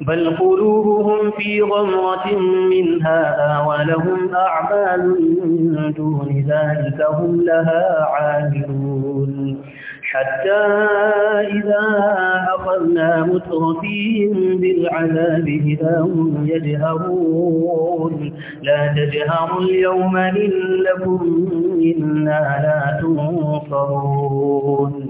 بل قلوبهم في غمرة من هذا ولهم أعمال من دون ذلك هم لها عاملون حتى إذا أخذنا مترفين بالعذاب إذا هم يجهرون لا تجهروا اليوم إنكم إنا لا تنصرون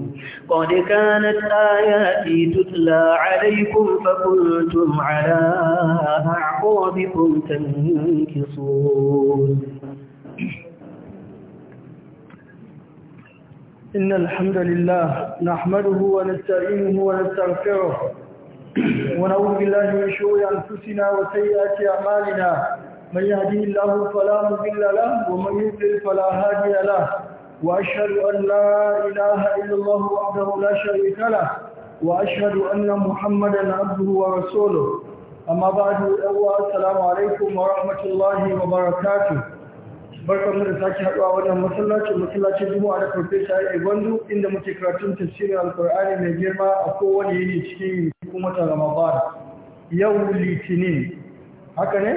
قد كانت آياتي تتلى عليكم فكنتم على أعقابكم تنكصون إن الحمد لله نحمده ونستعينه ونستغفره ونعوذ بالله من شرور أنفسنا وسيئات أعمالنا من يهدي الله فلا مضل له ومن يضلل فلا هادي له وأشهد أن لا إله إلا الله وحده لا شريك له وأشهد أن محمدا عبده ورسوله أما بعد السلام عليكم ورحمة الله وبركاته barkan da sake haɗuwa wannan masallacin masallacin juma'a da farfesa ya gwandu inda muke karatun tafsirin alkur'ani mai girma a kowane yini cikin Kuma hukumata ramadan yau litinin haka ne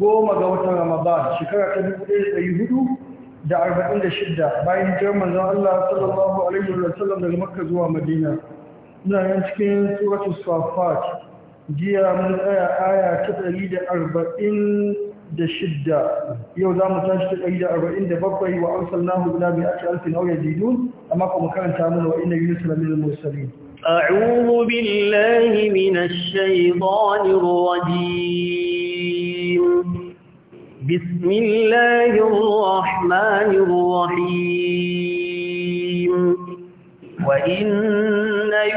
goma ga watan ramadan shekara ta dubu ɗaya da ɗari hudu da arba'in da shidda bayan hijirar manzon Allah sallallahu alaihi wa sallam daga Makka zuwa Madina muna yin cikin suratul Safat jiya mun tsaya aya ta ɗari da arba'in da shidda yau za mu tashi ta ɗari da arba'in da bakwai wa arsalnahu ila bi ati alfin aw yazidun amma kuma mu karanta mana wa inna yunus la min mursalin a'udhu billahi minash shaitanir rajim بسم الله الرحمن الرحيم وإن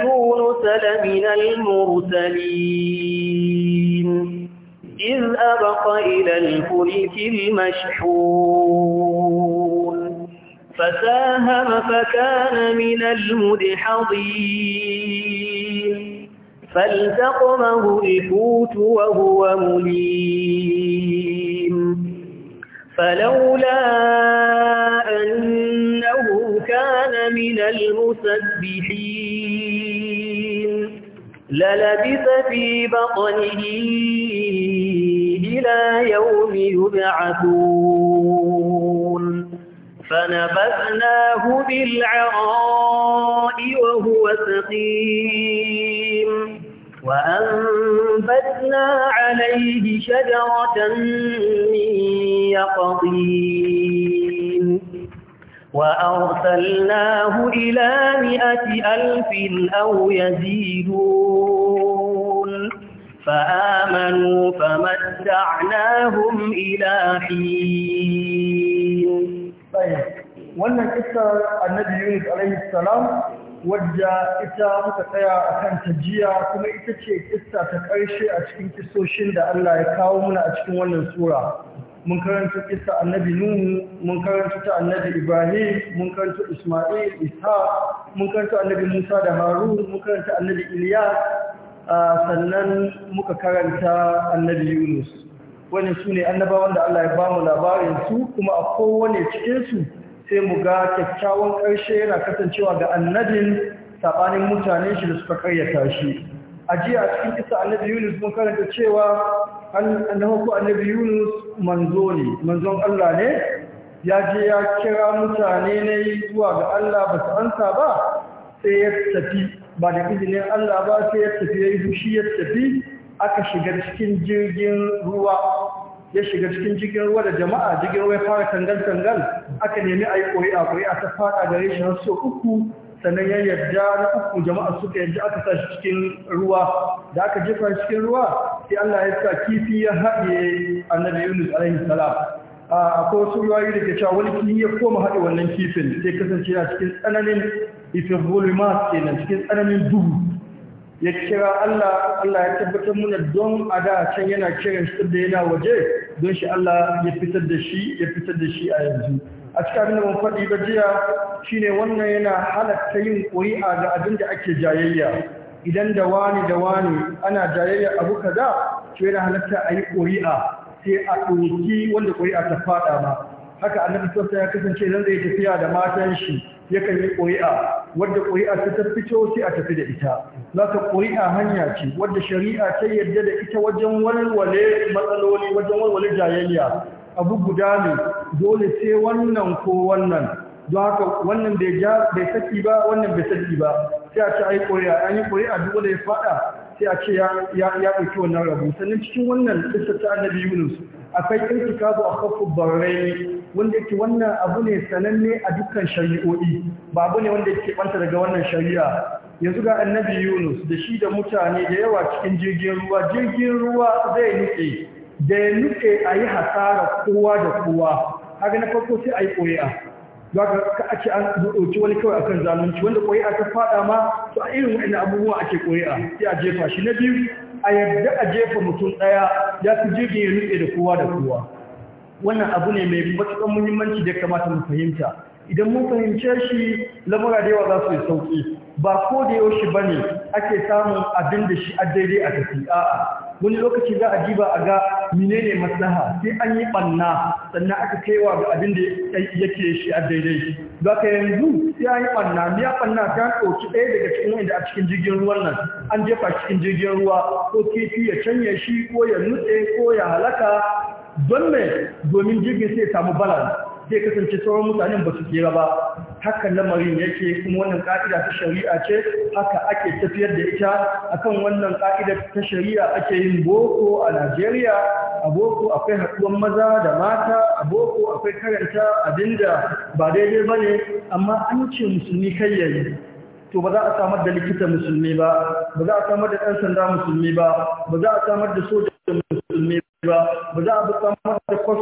يونس لمن المرسلين إذ أبق إلى الفلك المشحون فساهم فكان من المدحضين فالتقمه الحوت وهو مليم الرجيم فلولا أنه كان من المسبحين للبث في بطنه إلى يوم يبعثون فنبذناه بالعراء وهو سقيم وأنبتنا عليه شجرة من يقطين وأرسلناه إلى مئة ألف أو يزيدون فآمنوا فمتعناهم إلى حين طيب وأن kissa النبي عليه السلام wadda ita muka tsaya a kan tajiya kuma ita ce kista ta ƙarshe a cikin kisoshin da Allah ya kawo muna a cikin wannan sura mun karanta kista annabi nuhu mun karanta ta annabi ibrahim mun karanta isma'il isa mun karanta annabi musa da harun mun karanta annabi ilyas sannan muka karanta annabi yunus wani su ne annabawan da Allah ya ba mu labarin su kuma a kowane cikinsu sai mu ga kyakkyawan ƙarshe yana kasancewa ga annabin saɓanin mutane shi da suka karyata shi a jiya a cikin kisa annabi yunus mun karanta cewa na ko annabi yunus manzo ne manzon allah ne ya je ya kira mutane na yi zuwa ga allah ba su ansa ba sai ya tafi ba da izinin allah ba sai ya tafi ya yi fushi ya tafi aka shiga cikin jirgin ruwa ya shiga cikin jirgin ruwa da jama'a jirgin ruwa ya fara tangal-tangal aka nemi a yi ƙuri'a a ta fada gare shi har so uku sannan ya yarda na uku jama'a suka yarda aka sa shi cikin ruwa da aka jefa cikin ruwa sai Allah ya sa kifi ya haɗe annabi Yunus alaihi salam ko wasu ruwayoyi da cewa wani kifi ya koma haɗe wannan kifin sai kasance a cikin tsananin ifin volumat kenan cikin tsananin duhu ya kira Allah Allah ya tabbatar muna don a da can yana kiran shi da yana waje don shi Allah ya fitar da shi ya fitar da shi a yanzu a cikin abin da mun faɗi ba jiya shine wannan yana halatta yin ƙuri'a ga abin da ake jayayya idan da wani da wani ana jayayya abu kaza to yana halatta a yi ƙuri'a sai a ɗauki wanda ƙuri'a ta faɗa ba haka annabi sassa ya kasance idan zai tafiya da matan shi yakan yi ƙuri'a wadda ƙuri'a ta ta fito sai a tafi da ita za ka ƙuri'a hanya ce wadda shari'a ta yarda da ita wajen walwale matsaloli wajen walwale jayayya abu guda ne dole sai wannan ko wannan don haka wannan bai saki ba wannan bai saki ba sai a ci yi ƙuri'a an yi ƙuri'a duk wanda ya faɗa sai a ce ya ɗauki wannan rabu sannan cikin wannan lissa ta annabi yunus akwai irtikabu a kafin barraini wanda yake wannan abu ne sananne a dukkan shari'o'i ba abu ne wanda yake banta daga wannan shari'a yanzu ga annabi yunus da shi da mutane da yawa cikin jirgin ruwa jirgin ruwa zai nuke da ya nuke a yi hasara kowa da kowa Har na farko sai a yi ƙuri'a za ka ake an ɗauki wani kawai akan zalunci wanda ƙuri'a ta faɗa ma to a irin waɗanda abubuwa ake ƙuri'a sai a jefa shi na biyu a yadda a jefa mutum ɗaya ya fi jirgin ya nuɗe da kowa da kowa wannan abu ne mai matuƙar muhimmanci da kamata mu fahimta idan mun fahimce shi lamura da yawa za su yi sauƙi ba ko da yaushe ba ne ake samun abin da shi a daidai a tafi a'a wani lokaci za a ba a ga menene maslaha sai an yi banna sannan aka kaiwa ga abin da yake shi a daidai ba ka yanzu sai an yi banna miya banna ta ɗauki ɗaya daga cikin wanda a cikin jirgin ruwan nan an jefa cikin jirgin ruwa ko kifi ya canja shi ko ya nutse ko ya halaka don me domin jirgin sai samu balance zai kasance sauran mutanen ba su kera ba hakan lamarin yake kuma wannan ka'ida ta shari'a ce haka ake tafiyar da ita akan wannan ka'ida ta shari'a ake yin boko a Najeriya a boko akwai haɗuwan maza da mata a boko akwai karanta abinda ba daidai ba ne amma an ce musulmi kai yayi to ba za a samar da likita musulmi ba ba za a samar da ɗan sanda musulmi ba ba za a samar da soja musulmi ba ba za a samar da kwas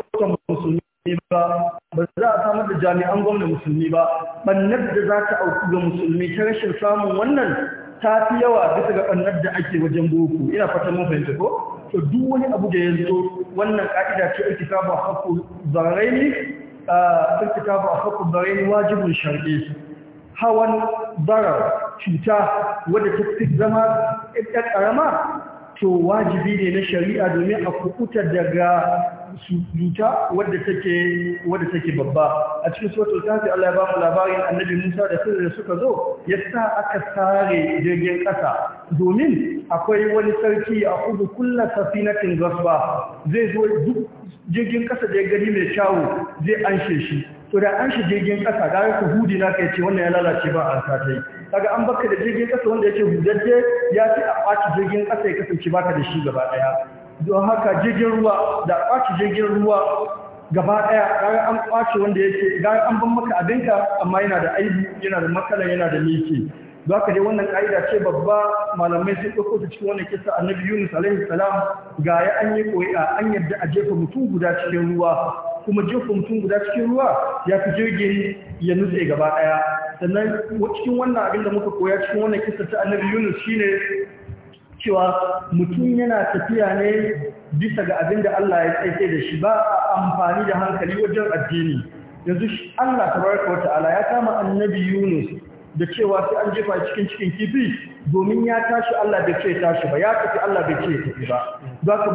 jami'an gwamna musulmi ba Ɓannar da za ta auku ga musulmi ta rashin samun wannan ta fi yawa bisa ga ɓannar da ake wajen boko ina fatan mun fahimta ko to duk wani abu da ya zo wannan ka'ida ce ikitabu haqqu zaraini ikitabu haqqu zaraini wajibin hawan zarar cuta wadda ta zama ƙarama, to wajibi ne na shari'a domin a kukuta daga cuta wadda take babba a cikin suratul kafi Allah ya ba labarin annabi Musa da sirri suka zo ya sa aka sare jirgin kasa domin akwai wani sarki a kudu na safinatin gasba zai zo duk jirgin kasa da ya gani mai kyawu zai an shi to da an shi jirgin kasa ga ka hudi na kai ce wannan ya lalace ba an ka yi daga an baka da jirgin kasa wanda yake hudadde ya fi a ɓaci jirgin kasa ya kasance baka da shi gaba ɗaya. don haka jirgin ruwa da kwaci jirgin ruwa gaba daya gara an kwace wanda yake gara an ban maka abinka amma yana da aibu yana da matsala yana da miki za ka dai wannan ka'ida ce babba malamai sun ɗauko ta cikin wannan kisa annabi yunus alaihi salam ga ya an yi koya an yadda a jefa mutum guda cikin ruwa kuma jefa mutum guda cikin ruwa ya fi jirgin ya nutse gaba daya sannan cikin wannan abin da muka koya cikin wannan kisa ta annabi yunus shine cewa mutum yana tafiya ne bisa ga abin da Allah ya tsaye da shi ba a amfani da hankali wajen addini yanzu Allah tabaraka wata'ala ya kama annabi Yunus da cewa sai an jefa cikin cikin kifi domin ya tashi Allah bai ce tashi ba ya tafi Allah bai ce tafi ba za ka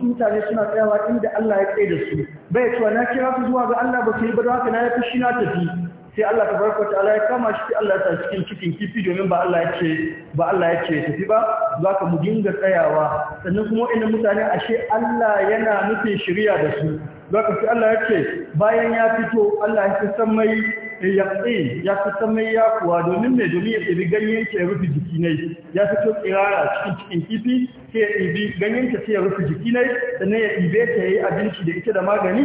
mutane suna tsayawa inda Allah ya tsaye da su bai cewa na kira su zuwa ga Allah ba su yi ba don haka na ya fushi na tafi sai Allah ta farko ta ala ya kama shi Allah ya sa cikin cikin kifi domin ba Allah ce ba Allah ce tafi ba za ka mu dinga tsayawa sannan kuma ina mutane ashe Allah yana nufin shiriya da su za ka sai Allah ce bayan ya fito Allah ya san mai ya tsaye ya san mai ya kuwa domin mai domin ya tsibi ganyen ya rufe jiki ne ya fito tsirara cikin cikin kifi sai ya tsibi ganyen ta sai ya rufe jiki ne sannan ya tsibe ta yayi abinci da ita da magani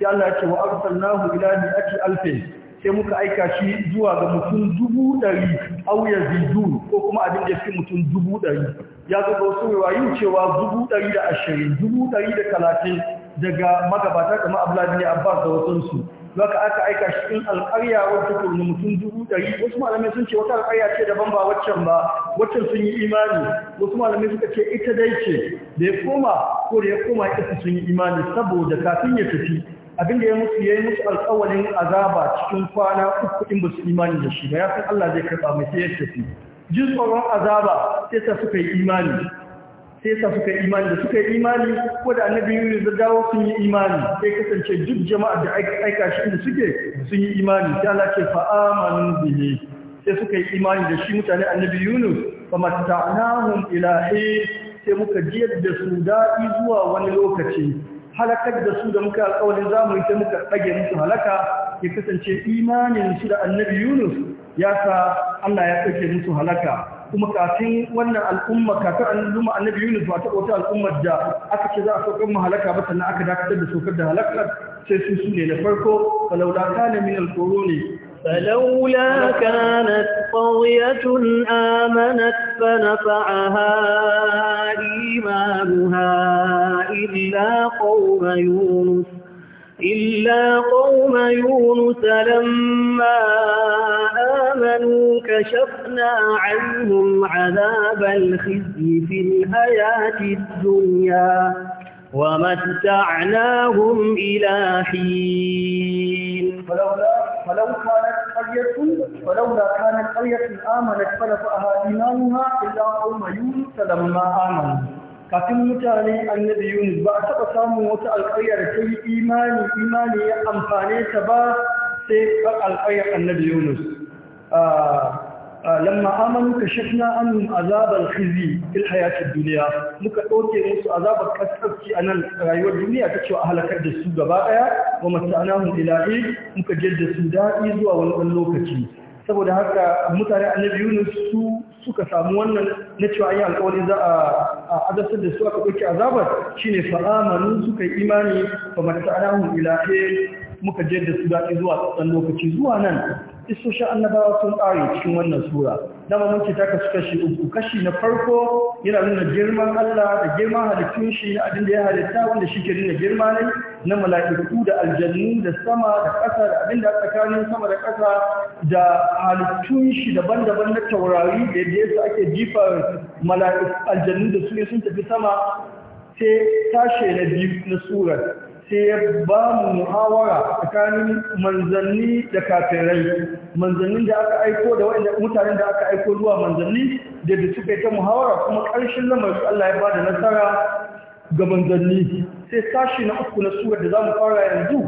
sai Allah ya ce wa arsalnahu ila mi'ati alfin sai muka aika shi zuwa ga mutum dubu ɗari auya zidun ko kuma abin da fi mutum dubu ɗari ya zo ga wasu rayu cewa dubu ɗari da ashirin dubu ɗari da talatin daga magabata kamar abdullahi ne abbas da wasansu zaka aka aika shi in alƙarya wata kurni mutum dubu ɗari wasu malamai sun ce wata alƙarya ce daban ba waccan ba waccan sun yi imani wasu malamai suka ce ita dai ce da ya koma ko da ya koma ita sun yi imani saboda kafin ya tafi abinda ya mutu yayi musu alƙawalin azaba cikin kwana uku in ba su imani da shi ba ya san Allah zai karɓa mai sai ya tafi jin tsoron azaba sai sa suka yi imani sai sa suka yi imani da suka yi imani ko da annabi Yunus da dawo sun yi imani sai kasance duk jama'ar da aika shi inda suke sun yi imani sai Allah ce bihi sai suka yi imani da shi mutane annabi Yunus fa mata'nahum ila sai muka jiyar da su daɗi zuwa wani lokaci halakar da su da muka alƙawarin zamu yi ta muka ɗage musu halaka ya kasance imanin su da annabi Yunus ya sa Allah ya ɗage musu halaka kuma kafin wannan al'umma kafin zuma annabi Yunus ba ta wata al'ummar da aka ce za a saukar mu halaka ba sannan aka dakatar da saukar da halakar sai su su ne na farko falaula kana min al ne. فلولا كانت قرية آمنت فنفعها إيمانها إلا قوم يونس إلا قوم يونس لما آمنوا كشفنا عنهم عذاب الخزي في الحياة الدنيا ومتعناهم إلى حين فلولا فلو كانت قرية فلولا كانت قرية آمنت فنفعها إيمانها إلا قوم يونس لما آمنوا kafin mutane annabi Yunus ba a taɓa samun wata alƙarya da ta yi imani imani ya amfane ta ba sai annabi Yunus lamma amanu ka shafna annum azabar khizi fil hayatid duniya muka ɗauke musu azabar kasarci a nan rayuwar duniya ta cewa a halakar da su gaba ɗaya wa mata'anahum ila muka jadda su daɗi zuwa wani ɗan lokaci saboda haka mutane annabi Yunus su suka samu wannan na cewa an yi alƙawari za a azabtar da su aka ɗauki azabar shine fa'amanu suka yi imani fa mata'anahum ila muka jadda su daɗi zuwa ɗan lokaci zuwa nan isoshin annabawa sun ƙari cikin wannan sura dama mun ce ta kasu kashi uku kashi na farko yana nuna girman Allah da girman halittun shi na abin da ya halitta wanda shi ke nuna girma ne na mala'iku da aljannu da sama da ƙasa da abin da tsakanin sama da ƙasa da halittun shi daban-daban na taurari da yadda yasa ake jifa mala'iku aljannu da su ne sun tafi sama sai tashe na biyu na surar sai ya ba mu muhawara tsakanin manzanni da kafirai manzannin da aka aiko da wanda mutanen da aka aiko zuwa manzanni da da suka yi ta muhawara kuma ƙarshen lamarin Allah ya bada nasara ga manzanni sai sashi na uku na surar da za mu fara yanzu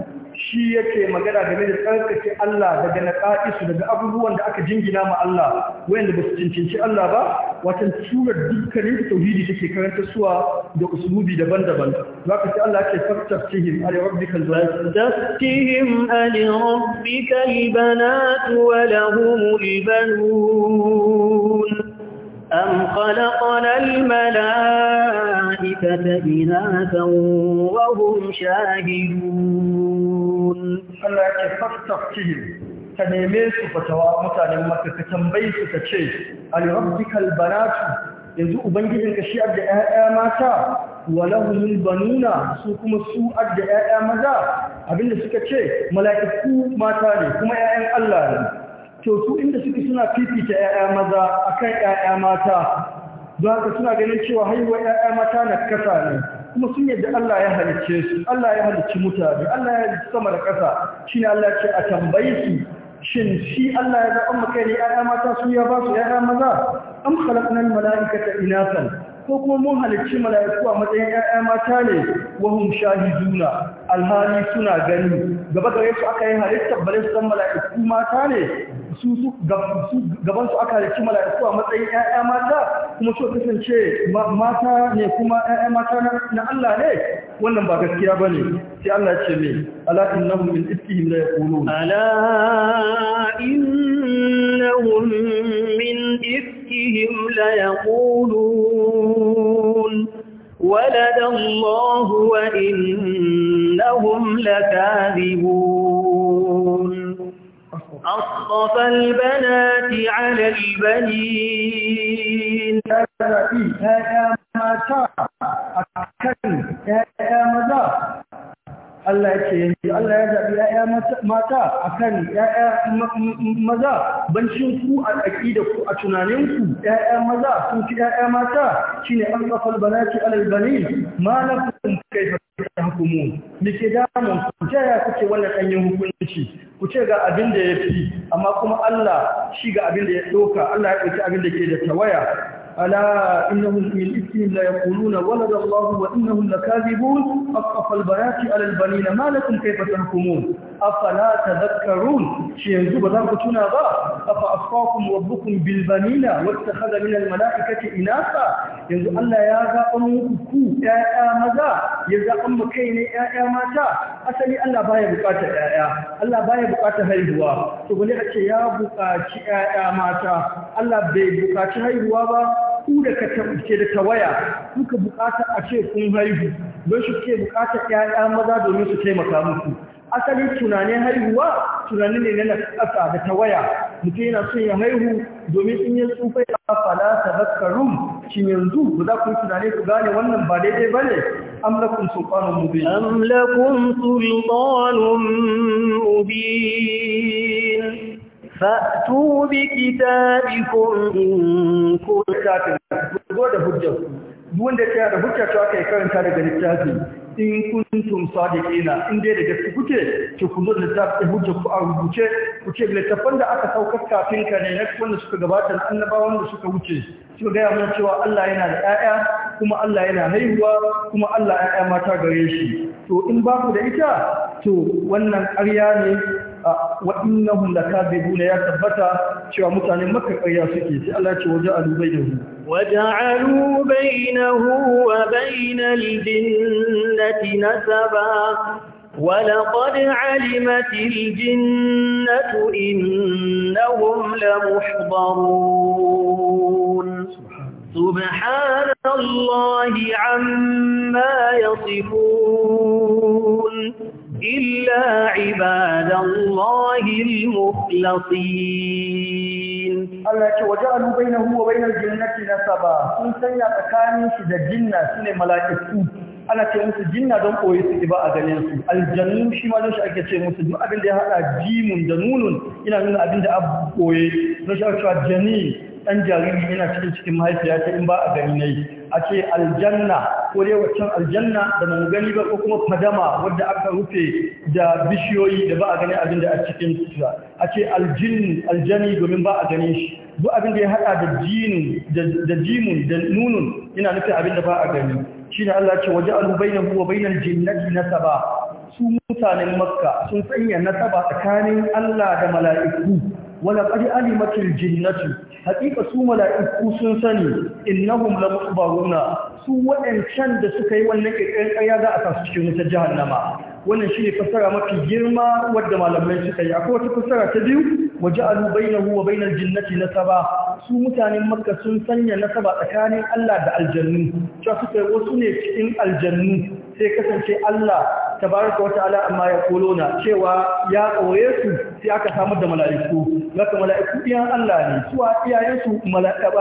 shi yake magana game da tsarkake Allah daga ƙa'isu daga abubuwan da aka jingina ma Allah wayanda ba su cincinci Allah ba watan surar dukkanin tauhidi take karanta suwa da usulubi daban-daban ka ce Allah yake faktafihim ali rabbikal banatihim ali rabbikal banat wa lahumul banun am khalaqna al malaikata inatha wa hum shahidun Allah ke fastafkihim ka neme su fatawa mutanen maka ka tambayi su ta ce al banatu yanzu ubangijin ka shi 'ya'ya ƴaƴa mata wa lahumul banuna su kuma su adda ƴaƴa maza abinda suka ce mala'iku mata ne kuma ƴaƴan Allah ne to su inda suke suna fifita ƴaƴa maza akan ƴaƴa mata don haka suna ganin cewa haihuwar ƴaƴa mata na kasa ne kuma sun yadda Allah ya halicce su Allah ya halicci mutane Allah ya halicci sama da ƙasa ne Allah ce a tambayi su shin shi Allah ya zaɓa maka ne 'ya'ya mata su ya ba su ya maza am mala’ika mala'ikata inasan ko kuma mun halicci mala'iku a matsayin 'ya'ya mata ne wa hum shahiduna alhali suna gani gaba gare su aka yi halittar bare san mala'iku mata ne su su gaban su aka halicci mala'iku a matsayin ƴaƴa mata kuma so kasance mata ne kuma ƴaƴa mata na Allah ne wannan ba gaskiya bane sai Allah ya ce me ala innahum min ifkihim la yaqulun ala innahum min ifkihim la yaqulun ولد الله وإنهم لكاذبون أصطفى البنات على البنين يا يا Allah ya ce Allah ya zaɓi ‘ya'ya mata a kan ‘ya'ya maza bancin ku a da ku a tunaninku ‘ya'ya maza sun fi ‘ya'ya mata shi ne an ƙafal bana ce alalbani ma na kai hukumu damun ta ya kuke wannan ɗanyen hukunci ku ce ga abin da ya fi amma kuma Allah shi ga abin da ya ɗauka Allah ya ɗauki abin da ke da tawaya ala innahum min ifkihim la yaquluna walada Allah wa innahum lakazibun asfa al-bayati ala al ma lakum kayfa tahkumun afala tadhakkarun shi yanzu ba za ku tuna ba afa afaqakum rabbukum bil banina wattakhadha min al malaikati inasa yanzu Allah ya zaɓa muku ku ƴaƴa maza ya an mu kai ne ƴaƴa mata asali Allah baya buƙatar ƴaƴa Allah baya buƙatar haihuwa to bane a ce ya bukaci ƴaƴa mata Allah bai bukaci haihuwa ba ku da ka waya da tawaya kuka bukata a ce kun haihu don shi ke buƙatar ƴaƴa maza domin su taimaka muku asalin tunanin haihuwa tunanin ne na ƙasa da tawaya mutum yana son ya haihu domin in ya tsufa ya fala tazakkarun shi yanzu ba za ku yi tunani ku gane wannan ba daidai ba ne amlakun lakum mubi amlakun am mubi fa'atu bi kita bi kun in kuntum da duk wanda ya da hujja to aka yi karanta daga littafi in kuntum sadiqina in dai da gaske kuke ki kuzo da tafi hujja ku a rubuce ku ce tafan da aka sauka kafin ka ne na wanda suka gabatar, na annabawan da suka wuce suka gaya mana cewa Allah yana da 'ya'ya kuma Allah yana haihuwa kuma Allah 'ya'ya mata gare shi to in ba ku da ita to wannan ƙarya ne wa innahum lakadibuna ya tabbata cewa mutanen makka ƙarya suke sai Allah ya ce waje alubayyahu وجعلوا بينه وبين الجنة نسبا ولقد علمت الجنة إنهم لمحضرون سبحان الله عما يصفون إلا عباد الله المخلصين الله يقول وجعلوا بينه وبين الجنة نسبا tsakanin سنة da شد الجنة سنة ملائكة ana ce musu jinna don koyi su ba a ganin su aljannu shi ma ake ce musu duk abin da ya haɗa jimun da nunun ina nuna abinda abu ake cewa ɗan jariri yana cikin cikin mahaifiyata, in ba a gani na yi a ce aljanna ko dai waccan aljanna da mu gani ba ko kuma fadama wadda aka rufe da bishiyoyi da ba a gani abin da a cikin sutura a ce aljani domin ba a gani shi duk abin da ya haɗa da jinin da jimun da nunun yana nufin abin da ba a gani shine Allah ce waje alhubainahu wa bainal jinnati nasaba su mutanen makka sun sanya nasaba tsakanin Allah da mala'iku wala qad alimatil jinnatu haqiqa su mala'iku sun sani innahum la mukhbaruna su wadancan da suka yi wannan kirkirin kaya za a sa su cikin wutar jahannama wannan shine fasara mafi girma wadda malamai suka yi akwai wata fassara ta biyu waja'alu bainahu wa bainal jinnati nasaba su mutanen makka sun sanya nasaba tsakanin Allah da aljannu cewa suka yi wasu ne cikin aljannu sai kasance Allah tabaraka wa ta'ala amma ya kuluna cewa ya koye su sai aka samar da mala'iku laka mala'iku iyan Allah ne suwa iyayen su mala'ika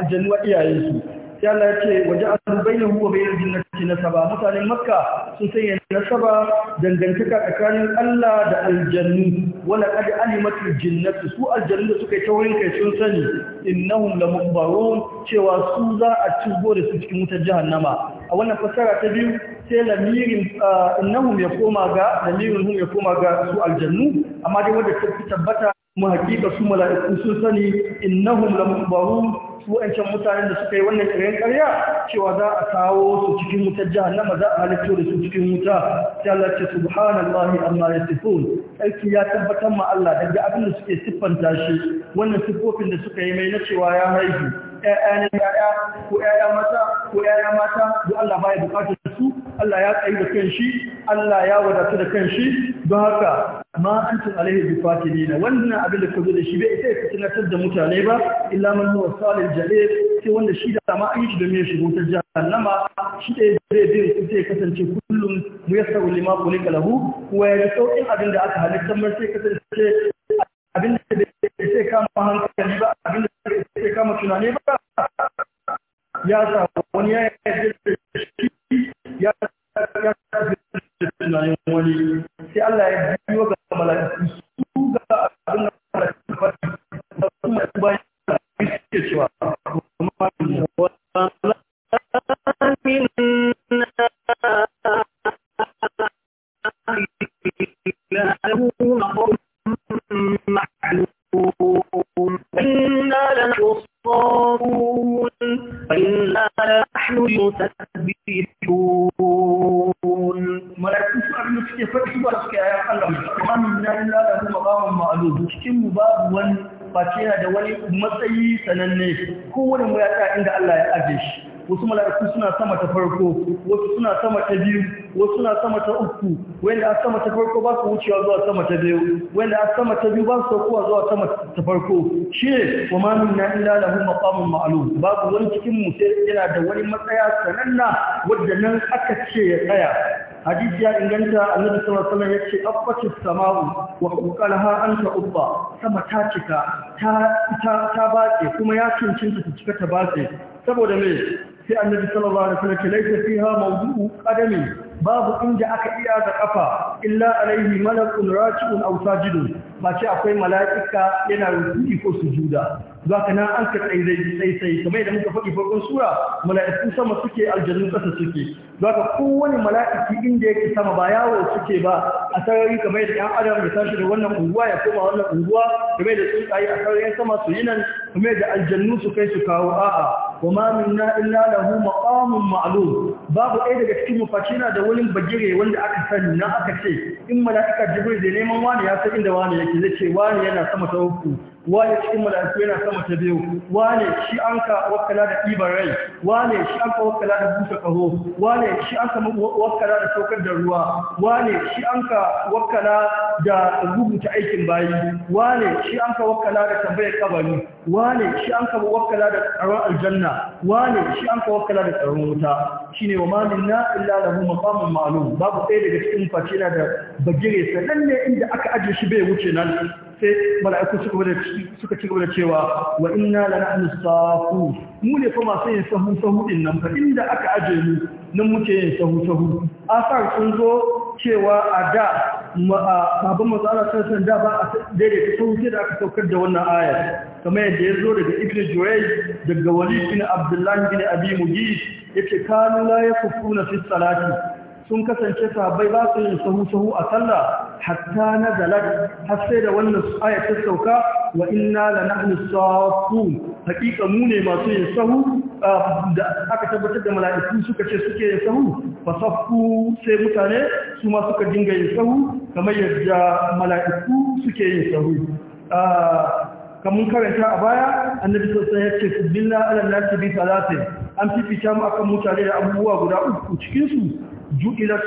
aljannu iyayen su sai Allah ya ce waje an bayyana wa bayyana jinnati saba, mutanen makka sun sanya nasaba dangantaka tsakanin Allah da aljannu wala kad alimatu jinnatu su aljannu da suka yi taurin kai sun sani innahum lamubarun cewa su za a cigo da su cikin wutar jahannama a wannan fasara ta biyu sai lamirin ah, innahum ya koma ga lamirin hum ya koma ga su aljannu amma dai wanda ta tabbata mu hakika su mala'iku sun sani innahum lambarun su wa'ancan mutanen da suka yi wannan ƙaryan karya, cewa za a kawo su cikin wutar jahannama za a halitto da su cikin wuta sai Allah ce subhanallahi amma sarki ya tabbatar ma Allah daga abin da suke siffanta shi wannan siffofin da suka yi mai na cewa ya haihu ƴaƴa ne ƴaƴa ko ƴaƴa mata ko ƴaƴa mata duk Allah baya bukatar su Allah ya tsayi da kanshi Allah ya wadatu da kanshi don haka ma antum alaihi bifatilina wannan abin da ka zo da shi bai sai ka da mutane ba illa man huwa salih jale sai wanda shi da ma an da mai shigo ta jahannama shi da zai bin su sai kasance kullum mu yasa ulima ko lika kalahu kuwa ya ji in abin da aka halitta mai sai kasance abin da sai kama hankali ba abin da sai kama tunani ba ya sa wani ya inda Allah ya aje shi wasu mala'iku suna sama ta farko wasu suna sama ta biyu wasu suna sama ta uku wanda a sama ta farko ba su wucewa zuwa sama ta biyu wanda a sama ta biyu ba su saukowa zuwa sama ta farko shi ne wa ma na illa lahu maqamun ma'lum babu wani cikin mu sai yana da wani matsaya sananna wanda nan aka ce ya tsaya hadisi ya inganta annabi sallallahu alaihi wasallam yace affatis samau wa qalaha anta ubba sama ta cika ta ta ta bace kuma ya cincinta ta cika ta bace saboda me sai annabi sallallahu alaihi wasallam ce laita fiha mawdu'u qadami babu inda aka iya da kafa illa alaihi malakun raki'un aw sajidun ba ce akwai mala'ika yana ruku'i ko sujuda zaka nan an ka tsaye tsaye kamar da muka faɗi farkon sura mala'iku sama suke aljannu kasa suke zaka kowane mala'iki inda yake sama ba yawo suke ba a sarari kamar da ɗan adam ya tashi da wannan unguwa ya koma wannan unguwa kamar da tsuntsaye a sararin sama su yi nan kamar da aljannu su kai su kawo a'a Kuma ma minna illa lahu maqamun ma'lum babu ɗaya daga cikin mafaci na da wani bagire wanda aka sani na aka ce in mala'ika jibril da neman wani ya san inda wani yake zai ce wani yana sama ta uku wane cikin mala'iku yana sama ta biyu wane shi an ka wakala da ɗiban rai wane shi an ka wakala da busa kaho wane shi an ka wakala da saukar da ruwa wane shi an ka wakala da rubuta aikin bayi wane shi an ka wakala da tambayar kabari wane shi an ka wakala da tsaron aljanna wane shi an ka wakala da tsaron wuta shine wa malinna illa lahu maqamun ma'lum babu ɗaya daga cikin face da bagire sananne inda aka ajiye shi bai wuce nan sai mala'iku suka ci gaba da cewa wa inna la nahnu safu mu ne fa masu yin sahu sahu din nan fa inda aka aje mu nan muke yin sahu sahu asar sun zo cewa a da baban matsala sassan da ba a daidaita sahu da aka saukar da wannan ayar kamar yadda ya zo daga ibn jurai daga walid bin abdullahi bin abi mujib yace kanu la yakufuna fi salati sun kasance sahabbai ba su yin sahu sahu a sallah hatta nazalat har sai da wannan aya ta sauka wa inna la nahnu hakika mu ne masu yin sahu da aka tabbatar da mala'iku suka ce suke yin sahu fa sai mutane su ma suka dinga yin sahu kamar yadda mala'iku suke yin sahu kamun karanta a baya annabi sosai ya ce billa ala nasi bi salatin an fifita mu akan mutane da abubuwa guda uku cikinsu. ju'ilat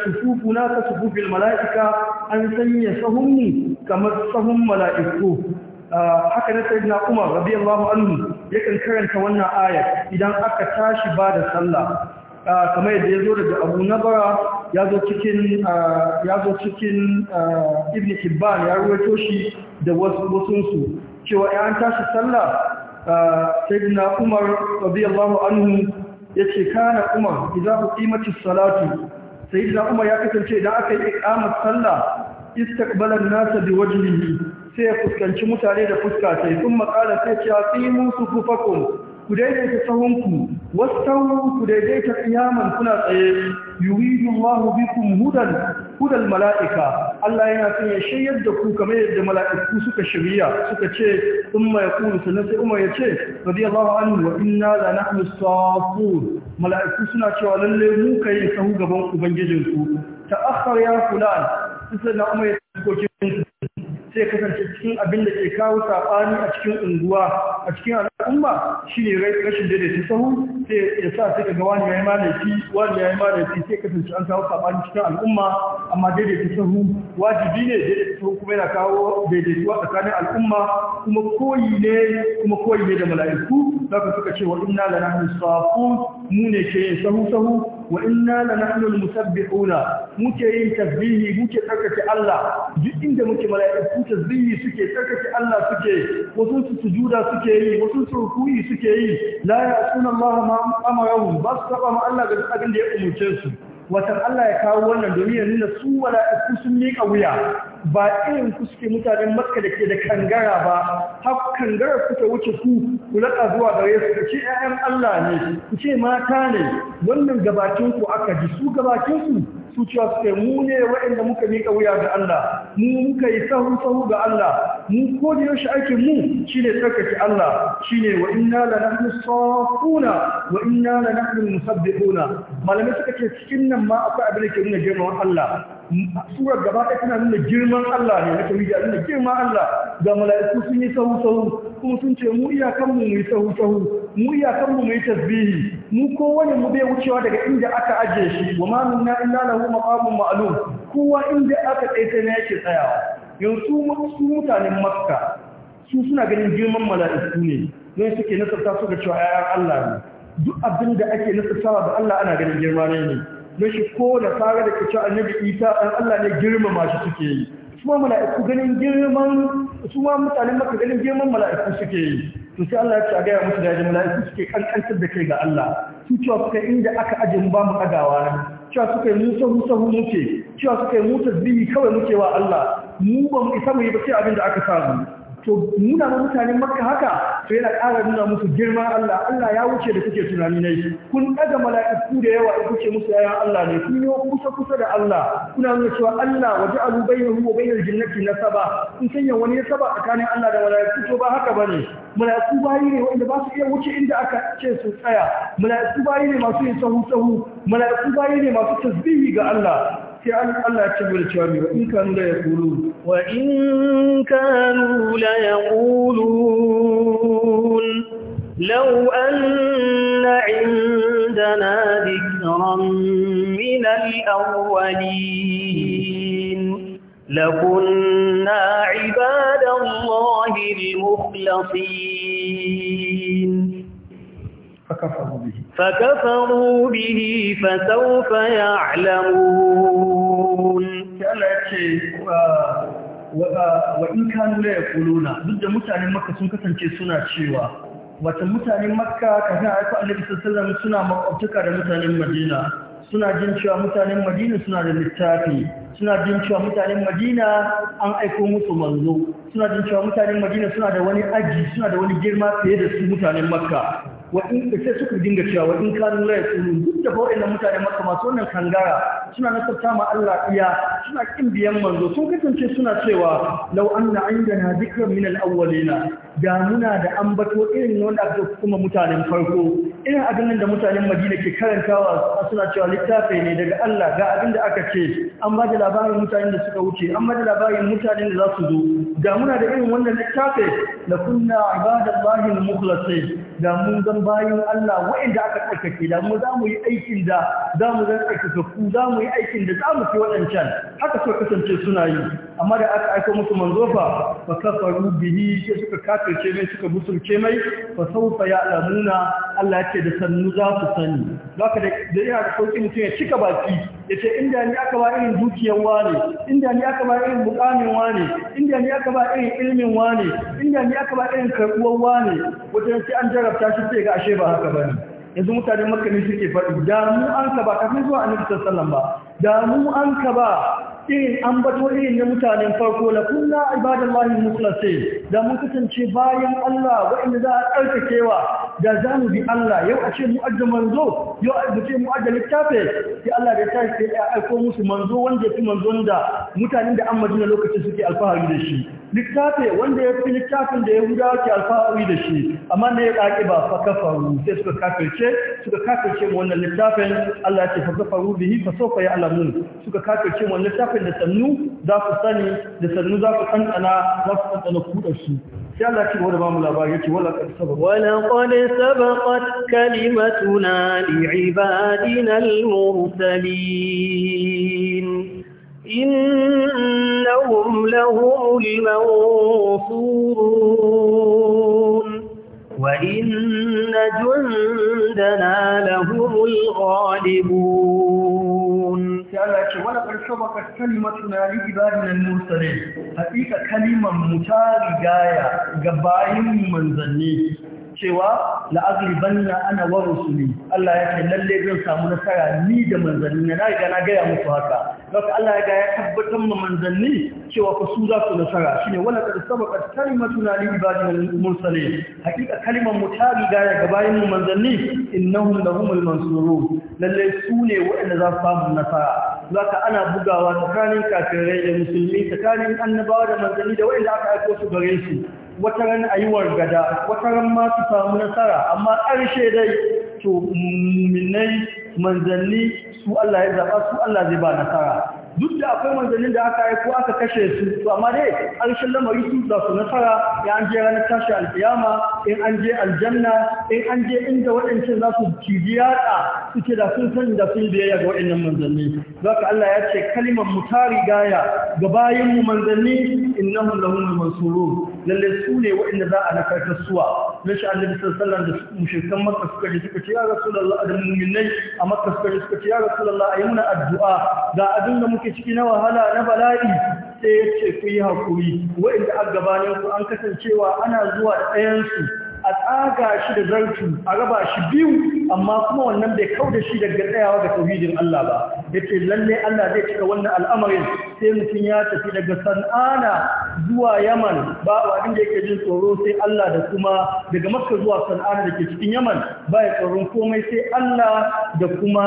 na ka sufufil mala'ika an sanya sahunmu kamar sahun mala'iku haka na sayyidina Umar radiyallahu anhu yakan karanta wannan aya idan aka tashi ba da sallah kamar yadda yazo daga Abu na yazo cikin zo cikin Ibn Kibban ya ruwaito shi da wasu wasunsu cewa an tashi sallah sayyidina Umar annu ya yace kana Umar idza uqimatis salatu na Umar ya kasance idan aka yi iqamar sallah istaqbalan nasa bi wajhihi sai ya fuskanci mutane da fuska sai kuma qala sai ya qimu sufufakum ku daidaita sahunku wasu ku daidaita kiyaman kuna tsaye yuridu Allahu bikun hudan hudal mala'ika Allah yana san ya shiryar da ku kamar yadda mala'iku suka shirya suka ce umma yaqulu sannan sai umma yace radiyallahu anhu wa inna la nahnu safun mala'iku suna cewa lalle mu kai sahu gaban ubangijinku ta'akhkhar ya fulan sai na umma ya kokin sai kasance cikin abin da ke kawo saɓani a cikin unguwa a cikin al'umma shi ne rashin daidaita sahu sai ya sa sai ga wani ya yi malafi wani ya yi malafi sai kasance an kawo saɓani cikin al'umma amma daidaita sahu wajibi ne daidaita sahu kuma yana kawo daidaituwa tsakanin al'umma kuma koyi ne kuma koyi ne da mala'iku za ka suka ce wa inna lana mune mu ne ke yin sahu sahu wa inna la nahnu al-musabbihuna muke yin tasbihi muke tsarkake Allah duk inda muke mala'iku tasbihi suke tsarkake Allah suke wasu su sujuda suke yi wasu su ruku'i suke yi la ya'suna Allah ma amarahu ba su saba ma Allah ga abin da ya umurce su watan Allah ya kawo wannan domin ya nuna su wala sun miƙa wuya ba irin ku suke mutanen Makka da ke da kangara ba har kangara kuka wuce ku ku laƙa zuwa gare su ku ce ƴaƴan Allah ne ku ce mata ne wannan gabatin ku aka ji su gabatin ku? su cewa suke mu ne waɗanda muka miƙa wuya ga Allah mu muka yi sahu sahu ga Allah mu ko da yaushe ake mu shine tsakaki Allah shine wa inna la nahnu safuna wa inna la nahnu musabbihuna malamai suka ce cikin nan ma akwai abin da ke nuna girman Allah surar gaba ɗaya tana nuna girman Allah ne na tauhidi nuna girman Allah ga mala'iku sun yi sahu sahu kuma sun ce mu iyakan mu mu yi sahu sahu mu iyakan mu mu yi tasbihi mu kowane mu bai wucewa daga inda aka ajiye shi wa ma na illa lahu maqamun ma'lum kowa inda aka sai ne yake tsayawa yanzu su mutanen makka su suna ganin girman mala'iku ne don suke nasarta su ga cewa 'ya'yan Allah ne duk abin da ake nasarta da Allah ana ganin girma ne don shi ko da fara da kace annabi isa dan Allah ne girmama shi suke yi su ma mala'iku ganin girman su ma mutanen maka ganin girman mala'iku suke yi to sai Allah ya ce a gaya musu da mala'iku suke kankantar da kai ga Allah su cewa suka inda aka aje mu ba mu kadawa ne cewa suka yi musa musa muke cewa suka yi musa kawai muke wa Allah mu ba mu isa mu yi ba sai abin da aka samu to nuna ma mutanen makka haka to yana ƙara nuna musu girman Allah Allah ya wuce da kuke tunani nai kun daga mala'iku da yawa da kuke musu yayan Allah ne kun yi kusa kusa da Allah kuna nuna cewa Allah wa ja'alu bainahu wa bainal jannati nasaba in sanya wani nasaba tsakanin Allah da mala'iku to ba haka bane mala'iku bayi ne wanda ba su iya wuce inda aka ce su tsaya mala'iku bayi ne masu yin sahu sahu mala'iku bayi ne masu tasbihi ga Allah sai Allah ya ci gaba da cewa mai wa'in kanu la yaqulu wa in kanu la yaqulun law anna indana dhikran min al-awwalin lakunna ibadallahi al-mukhlasin akafa bihi فكفروا به فسوف يعلمون وإن كانوا لا يقولون yaquluna duk da mutanen makka sun kasance suna cewa wata mutanen makka kafin a aika annabi sallallahu suna makwabtaka da mutanen madina suna jin cewa mutanen madina suna da littafi suna jin cewa mutanen madina an aiko musu manzo suna jin cewa mutanen madina suna da wani aji suna da wani girma fiye da su mutanen makka wa sai suka dinga cewa wa'in kanu la yaqulun duk da fa'in na mutane maka masu wannan kangara suna nasarta ma Allah iya suna kin biyan manzo sun kasance suna cewa law anna indana dhikran min al-awwalina damuna da ambato irin wanda aka kuma mutanen farko irin abin da mutanen madina ke karantawa suna cewa littafi ne daga Allah ga abin da aka ce an ba da labarin mutanen da suka wuce an ba da labarin mutanen da za su zo damuna da irin wannan littafi la kunna ibadallahi al-mukhlasin da mun zan bayin Allah wanda aka tsarkake da mu za mu yi aikin da za mu zan tsarkake ku za mu yi aikin da za mu fi waɗancan haka so kasance suna yi amma da aka aika musu manzo fa fa kafaru bihi sai suka kafirce mai suka musulce mai fa saufa ya'lamuna Allah yake da sannu za su sani zaka da da ya sauki mutum ya cika baki yace inda ni aka ba irin dukiyar wani inda ni aka ba irin bukamin wani inda ni aka ba irin ilmin wani inda ni aka ba irin karbuwar wani wajen sai an jarabta shi sai ga ashe ba haka bane yanzu mutane makka ne suke faɗi da mu an ka ba kafin zuwa annabi sallallahu alaihi wasallam ba da mu an ka ba irin an bato irin na mutanen farko la kunna ibadallahi mukhlasin da mun kasance bayan Allah wa'inda za a tsarkakewa da za mu bi Allah yau a ce mu manzo yau a ce mu ajja littafi sai Allah da tashi sai ya aiko musu manzo wanda ya fi manzon da mutanen da an madina lokacin suke alfahari da shi littafi wanda ya fi littafin da yahuda ke alfahari da shi amma ne ya ƙaƙi ba fa kafaru sai suka kafirce suka kafirce wannan littafin Allah ya ce fa kafaru bihi fa sofa ya Allah sannu suka ce wannan tafin da sannu za su sani da sannu za ku kankana za ku kankana kudar su sai Allah ce wanda ba mu labari yake wala qad sabaq wala qad sabaqat kalimatuna li ibadina al-mursalin innahum lahum al المنصورون وإن جندنا لهم الغالبون sai Allah ya ce wala karshe baka kalimatu tunani li ibadina mursale hakika kaliman mu ta rigaya ga bayin manzanni cewa la'azlibanna ana wa rusuli Allah ya ce lalle zan samu nasara ni da manzanni na ga na gaya muku haka Zaka Allah ya ga ya tabbatar ma manzanni cewa fa su za su nasara shine wala qad sabaqat kalimatuna li ibadina al-mursalin hakika kalimar mu ta riga ya ga bayan mu manzanni innahum lahumul mansurun lalle su ne waɗanda za su samu nasara zaka ana bugawa tsakanin kafirai da musulmi tsakanin annabawa da manzanni da waɗanda aka aiko su gare su wata ran ayiwar gada wata ran ma samu nasara amma ƙarshe dai to muminai manzanni su Allah ya zaba su Allah zai ba nasara duk da akwai manzannin da aka ko aka kashe su to amma dai arshin lamari su za su nasara ya an je ranar tashi alkiyama in an je aljanna in an je inda waɗancan za su ciji suke da sun sani da sun biyayya ga waɗannan manzanni zaka Allah ya ce kalimar mu ta rigaya ga bayan mu manzanni innahum lahum mansurun lalle su ne waɗanda za a nakartar suwa na shi annabi sallallahu da mushrikan makka suka ji suka ce ya rasulullah da mu'minai a makka suka ji suka ce ya rasulullah ayi muna addu'a ga abin da muke ciki na wahala na bala'i sai ya ce ku yi hakuri waɗanda a gabanin ku an kasancewa ana zuwa da ɗayan su a tsaga shi da zartu a raba shi biyu amma kuma wannan bai kau da shi daga tsayawa ga tauhidin Allah ba yace lalle Allah zai cika wannan al'amarin sai mutum ya tafi daga san'ana zuwa yaman ba abin da yake jin tsoro sai Allah da kuma daga makka zuwa san'ana da ke cikin yaman ba ya tsoron komai sai Allah da kuma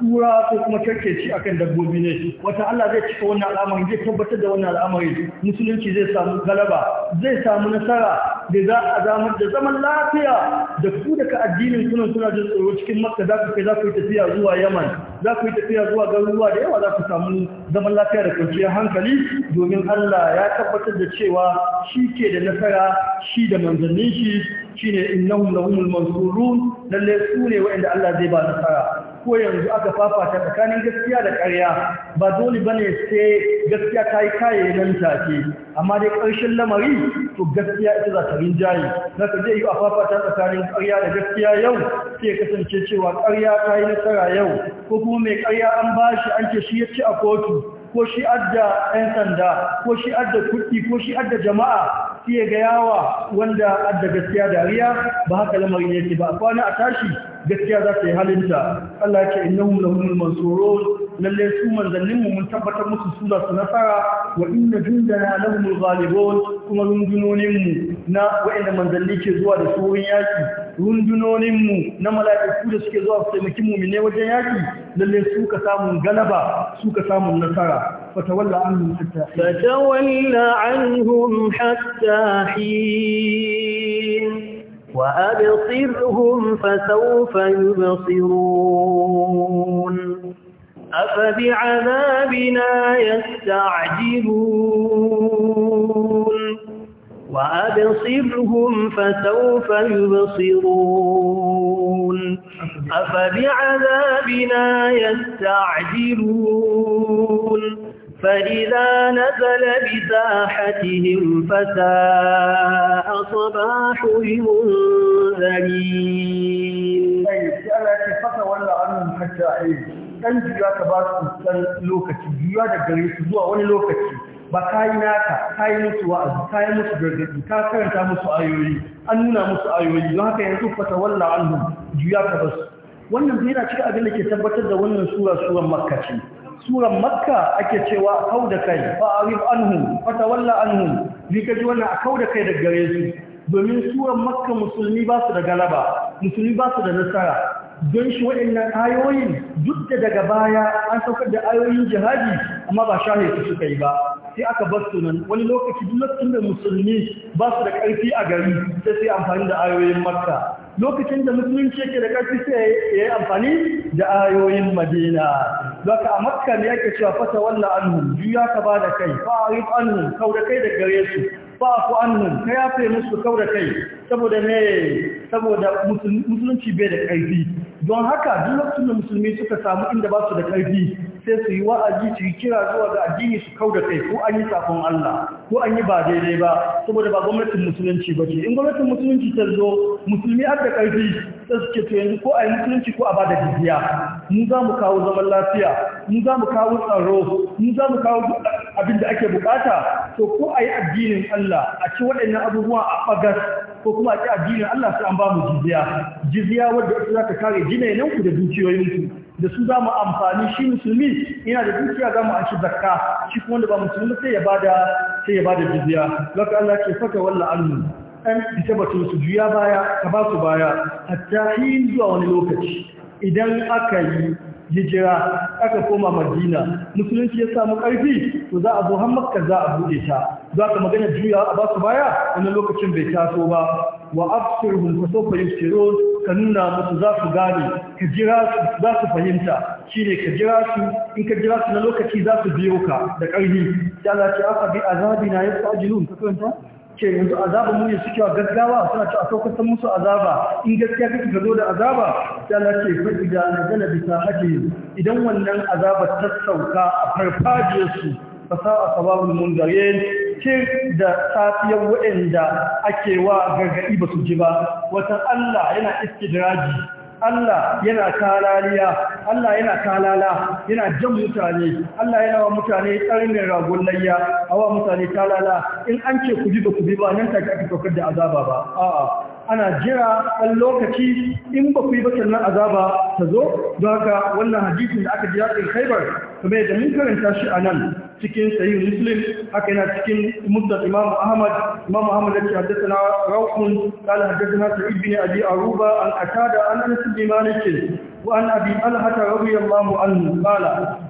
tura ko kuma tarkeci akan dabbobi ne wata Allah zai cika wannan al'amari zai tabbatar da wannan al'amari musulunci zai samu galaba zai samu nasara da za a zamar da zaman lafiya da ku daga addinin suna suna jin tsoro cikin makka za ku kai za ku yi tafiya zuwa yaman za ku yi tafiya zuwa garuruwa da yawa za ku samu zaman lafiya da kwanciyar hankali domin Allah ya tabbatar da cewa shi ke da nasara shi da manzannin shi shi shine innahum lahumul mansurun lalle su ne waɗanda Allah zai ba nasara ko yanzu aka fafata tsakanin gaskiya da ƙarya ba dole ba ne sai gaskiya ta yi kaye nan take amma dai ƙarshen lamari to gaskiya ita za ta rinjaye na ka zai yi a fafata tsakanin ƙarya da gaskiya yau sai kasance cewa ƙarya ta yi nasara yau ko kuma mai ƙarya an bashi an ce shi ya ci a kotu ko shi adda 'yan sanda ko shi adda kuɗi ko shi adda jama'a sai ga yawa wanda adda gaskiya dariya ba haka lamarin yake ba kwana a tashi gaskiya za ta yi halinta Allah ya ce innahum lahumul mansurun lalle su manzannin mu mun tabbatar musu suna su nasara wa inna jundana lahumul ghalibun kuma rundunonin mu na wa'inda manzanni ke zuwa da su yaki rundunonin mu na mala'iku da suke zuwa su taimaki mu'mine wajen yaki lalle su ka samun galaba su ka samun nasara fatawalla anhum hatta fatawalla anhum hatta hin وأبصرهم فسوف يبصرون أفبعذابنا يستعجلون وأبصرهم فسوف يبصرون أفبعذابنا يستعجلون فإذا نزل بساحتهم فساء صباح المنذرين أي سألة فتولى عنهم حتى حين dan juya ka ba su san lokaci juya da gare su zuwa wani lokaci ba kayi naka kayi musu wa'azi kayi musu gargadi ka karanta musu ayoyi an nuna musu ayoyi don haka walla juya ka basu wannan bai cikin abin da ke tabbatar da wannan sura suran suran makka ake cewa kau da kai fa'arif anhum tawalla anhum ni kaji wannan a kau da kai daga gare su domin suran makka musulmi ba su da galaba musulmi ba su da nasara don shi waɗannan ayoyin duk da daga baya an saukar da ayoyin jihadi amma ba shahe su suka yi ba sai aka bar sunan wani lokaci duk lokacin da musulmi ba su da ƙarfi a gari sai sai amfani da ayoyin makka lokacin da musulunci yake da ƙarfi sai ya yi amfani da ayoyin madina zaka a makka ne ake cewa fata wallah anhum juya ka ba da kai fa'arid kau da kai da gare su ba ku annun ka yafe musu kau da kai saboda ne saboda musulunci bai da ƙarfi don haka duk lokacin da musulmi suka samu inda ba su da ƙarfi sai su yi wa'azi su yi kira zuwa ga addini su da kai ko an yi safon Allah ko an yi ba daidai ba saboda ba gwamnatin musulunci ba ce in gwamnatin musulunci ta zo musulmi har da ƙarfi sai suke to yanzu ko a yi musulunci ko a ba da jijiya mu za mu kawo zaman lafiya mu za mu kawo tsaro mu za mu kawo abin da ake bukata to ko a yi addinin Allah a ci waɗannan abubuwa a bagas ko kuma a ci addinin Allah sai an ba mu jizya jizya wadda ita za ta kare jinayen da dukiyoyinku da su za mu amfani shi musulmi Ina da dukiya za mu an shi zakka shi kuma da ba musulmi sai ya bada sai ya bada jizya zaka Allah ke saka walla annu an bisa batun su juya baya ka ba su baya hatta hin zuwa wani lokaci idan aka yi hijira aka koma madina musulunci ya samu karfi? to za a zo har makka za a buɗe ta za ka magana juya a ba su baya wani lokacin bai taso ba wa absirhum fa sawfa yusirun ka nuna musu za su gane ka jira su za su fahimta shi ne ka jira su in ka jira su na lokaci za su biyo ka da ƙarfi ya za ce aka bi azabi na yasa ajilun ka karanta ce yanzu azaba mu ne suke gaggawa suna ci a saukar musu azaba in gaskiya kake ka zo da azaba ya za ce fa na nazala bisa sahati idan wannan azaba ta sauka a farfajiyarsu a sababin mundarin ke da safiyar waɗanda ake wa gargaɗi ba su ji ba watan Allah yana da raji Allah yana kalaliya, Allah yana kalala, yana jan mutane, Allah yana wa mutane da ragon layya, a wa mutane kalala, in an ce ku ji ba ku bi ba nan take aka saukar da azaba ba. A'a, ana jira ɗan lokaci in ba ku yi bakin nan azaba ta zo, don haka wannan hadisin da aka jira ɗin Khaibar, kuma yadda mun karanta shi a nan, cikin sahih muslim haka yana cikin musnad imam ahmad imam ahmad yake haddathana rawhun qala haddathana sa'id bin abi aruba an atada an anas bin malik وعن أبي ألحة رضي الله عنه قال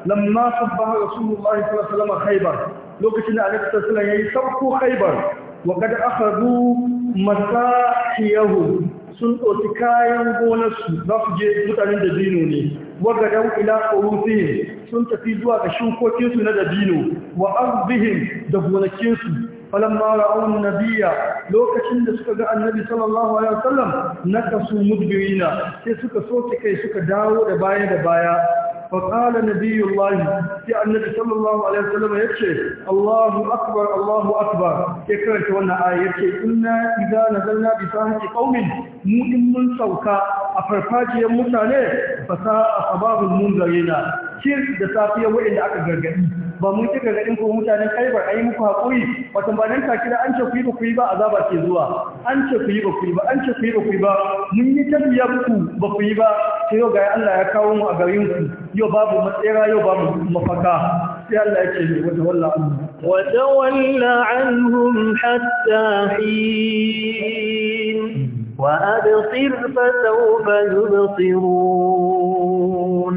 لما صبح رسول الله صلى lokacin da وسلم خيبر لو كتنا عليه السلام يسرقوا خيبر وقد أخذوا مساحيهم sun ɗauki kayan gonarsu za su je mutanen da dino ne wagadan ila ne. sun tafi zuwa ga shukokinsu na dabino wa arzihim da gonakinsu falamma ra'aun nabiyya lokacin da suka ga annabi sallallahu alaihi wasallam nakasu mudbirina sai suka soke kai suka dawo da baya da baya faƙala na biyu Allah ya annabi sallallahu alaihi wasallam ya ce Allahu akbar Allahu akbar ya karanta wannan Yace in na inna na nazalna bi sahati qaumin mu in mun sauka a farfajiyar mutane fa sa asbabul munzarina kin da safiya waɗanda aka gargaɗi. ba mun kika ga ku mutanen kaibar ai muku hakuri wato ba nan kaki da an ce ku yi ba ku yi ba azaba ke zuwa an ce ku yi ba ku yi ba an ce ku yi ba ku yi ba mun yi tabiya ku ba ku yi ba sai yau ga Allah ya kawo mu a garin ku yau babu matsera yau babu mafaka sai Allah ya ce wata wallahi وتول عنهم حتى حين وأبصر فسوف يبصرون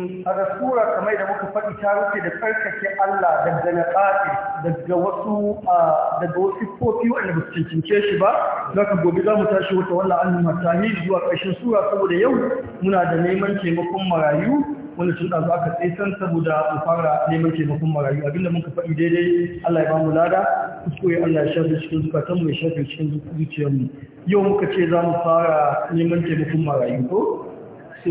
kaga sura kamar da muka faɗi ta rufe da tsarkake Allah daga naqati daga wasu daga wasu kofi wanda ba su cincince shi ba ka gobe za mu tashi wata wannan annuma yi zuwa ƙarshen sura saboda yau muna da neman taimakon marayu wanda sun ɗazu aka san saboda mu fara neman taimakon marayu abinda muka faɗi daidai Allah ya ba mu lada kuskure Allah ya shafe cikin zukatan mu ya shafe cikin zuciyarmu yau muka ce za mu fara neman taimakon marayu ko so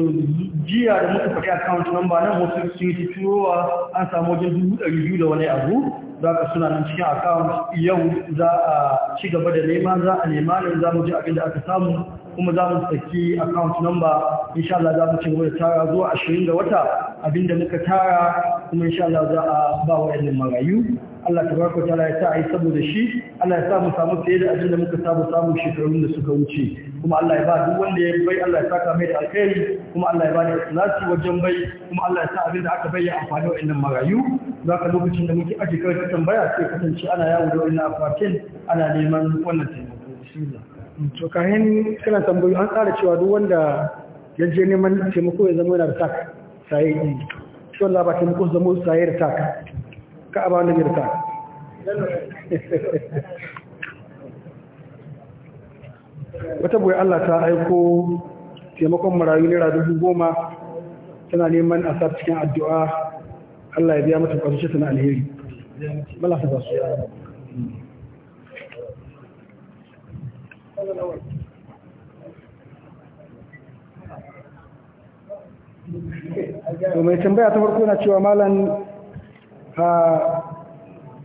jiya da muka faɗi account number nan wasu sun yi turowa an samu wajen dubu ɗari biyu da wani abu za ka suna nan cikin account yau za a ci gaba da nema za a nema ne za mu ji abin da aka samu kuma za mu saki account number insha Allah za mu ci gaba da tara zuwa ashirin ga wata abin da muka tara kuma insha Allah za a ba wa marayu Allah ta tabaraka ta'ala ya sa yi saboda shi Allah ya sa mu samu fiye da abin da muka samu samun shekarun da suka wuce kuma Allah ya ba duk wanda ya bai Allah ya saka mai da alkhairi kuma Allah ya ba ni ikhlasi wajen bai kuma Allah ya sa abin da aka bayyana ya amfani wa innan marayu za ka lokacin da muke aje kai ta tambaya sai kasance ana yawo da wannan akwatin ana neman wannan taimako bismillah to kahin kana tambayi an tsara cewa duk wanda ya je neman taimako ya zama yana da tak sai ne to Allah ba taimako zama sai da tak ka abana wanda ya da wata buwai Allah ta aiko taimakon marayu naira dubu goma tana neman a sa cikin addu'a Allah ya biya mata kwasu ta na alheri ba mai tambaya ta farko na cewa malan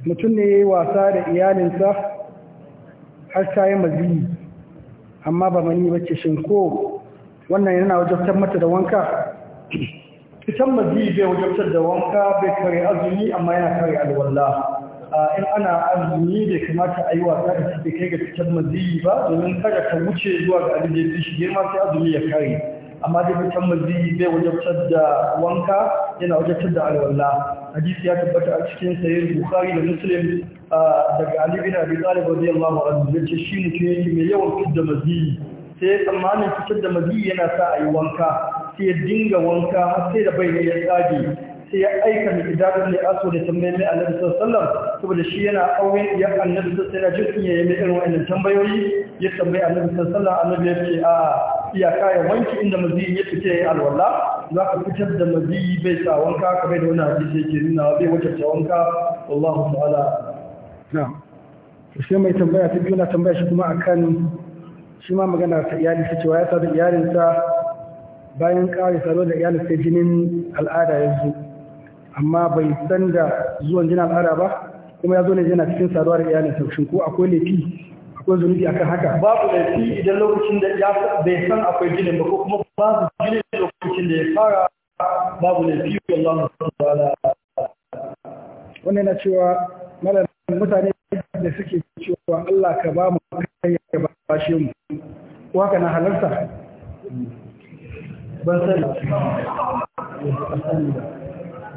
mutum ne wasa da iyalinsa har ta yi amma ba mani bace shin ko wannan yana wajabtar mata da wanka kitan mazi bai wajabtar da wanka bai kare azumi amma yana kare alwalla in ana azumi bai kamata a yi wasa da bai kai ga kitan mazi ba domin kada ta wuce zuwa ga abin da shi girma sai azumi ya kare amma dai kitan mazi bai wajabtar da wanka yana wajabtar da alwalla hadisi ya tabbata a cikin sahih bukhari da muslim daga Ali bin Abi zai radiyallahu anhu yace shi ke yake mai yawan fitar da maziyi sai tsammanin fitar da maziyi yana sa a yi wanka sai ya dinga wanka sai da bai ne ya tsage sai ya aika mai idanun da aso da tambayi mai annabi sallallahu saboda shi yana auren ya annabi sallallahu yana jin ya yi irin wannan tambayoyi ya tambayi annabi sallallahu annabi ya ce a iyaka ya wanki inda maziyi ya fice ya yi alwala za ka fitar da maziyi bai sa wanka kamar da wani hadisi ke nuna bai wacce wanka wallahu ta'ala na'am sai mai tambaya ta biyu na tambaya shi kuma akan shi ma magana ta iyali ta cewa ya sadu iyalinsa bayan kare saro da iyalin sai jinin al'ada ya zo amma bai san da zuwan jinin al'ada ba kuma ya zo ne yana cikin saduwa da iyalinsa shin ko akwai laifi akwai zunubi akan haka babu laifi idan lokacin da ya bai san akwai jinin ba ko kuma babu jinin lokacin da ya fara babu laifi wallahi wannan na cewa malam mutane da suke cewa Allah ka ba mu kai ba shi mu ko haka na halarta ban sani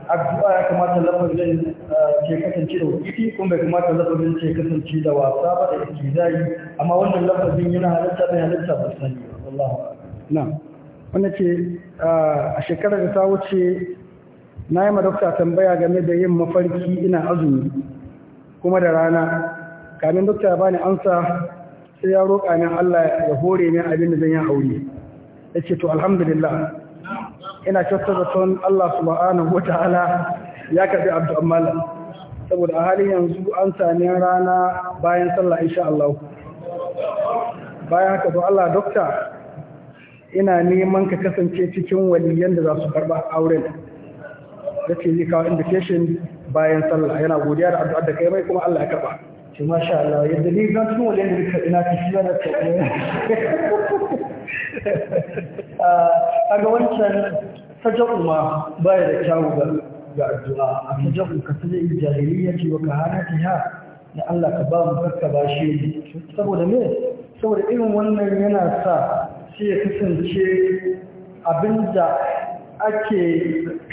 addu'a ya kamata lafazin eh, ke kasance da wakiti kuma bai kamata lafazin ke kasance da wasa ba da yake zai amma wannan lafazin yana halarta bai halarta ban sani wallahi na'am wannan ce eh, a shekarar da ta wuce na yi ma dokta tambaya game da yin mafarki ina azumi kuma da rana kamin dokta ba ni amsa sai ya roƙa min Allah ya hore min abin da zan yi aure ya ce to alhamdulillah ina kyautar da son Allah subhanahu wa ta'ala ya karɓi abdu amala saboda a halin yanzu an sami rana bayan sallah insha Allah bayan haka to Allah dokta ina neman ka kasance cikin waliyan da za su karɓa auren da ce zai kawo invitation bayan sallah yana godiya da addu'ar da kai mai kuma Allah ya karba ma sha Allah yadda ni zan tun da ina ta shi zana ta a ga wancan saja'u ma baya da kyawu ga addu'a a saja'u ka saja'in jahiliya ce wa ha da Allah ka ba mu karka ba shi saboda me saboda irin wannan yana sa shi ya kasance abinda ake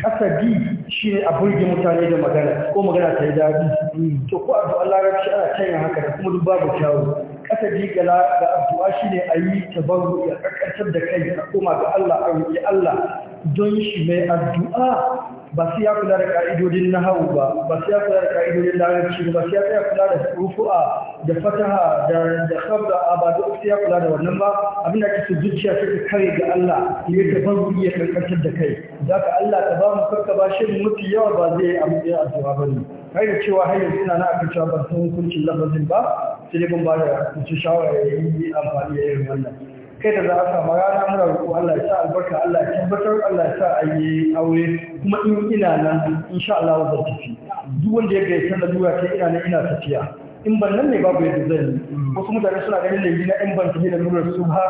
kasadi shi ne a burge mutane da magana ko magana ta yi daɗi to ko addu'a larabci ana canyin haka da kuma duk babu kyawu kasadi ga addu'a shi ne a yi tabaru ya karkatar da kai a koma ga Allah a roƙi Allah don shi mai addu'a ba su ya kula da ka'idodin hau ba ba su ya kula da ka'idodin larabci ba su ya tsaya kula da rufu'a da fataha da da sabda ba duk su ya kula da wannan ba abin da kake zuciya take kare ga Allah ne ka ban iya kankantar da kai ka Allah ta ba mu karka ba shi mutu yawa ba zai yi a ba ne kai da cewa har yanzu ina na akan cewa ban san hukuncin lafazin ba sai dai ban ba da shawara ya yi amfani da irin wannan kai da za a samu rana muna ruku Allah ya sa albarka Allah ya tabbatar Allah ya sa a yi aure kuma in ina nan sha Allah zan tafi duk wanda ya ga san da duwa ta ina nan ina tafiya in ban nan ne babu yadda zan yi wasu mutane suna ganin laifi na in ban tafi da nurar su ha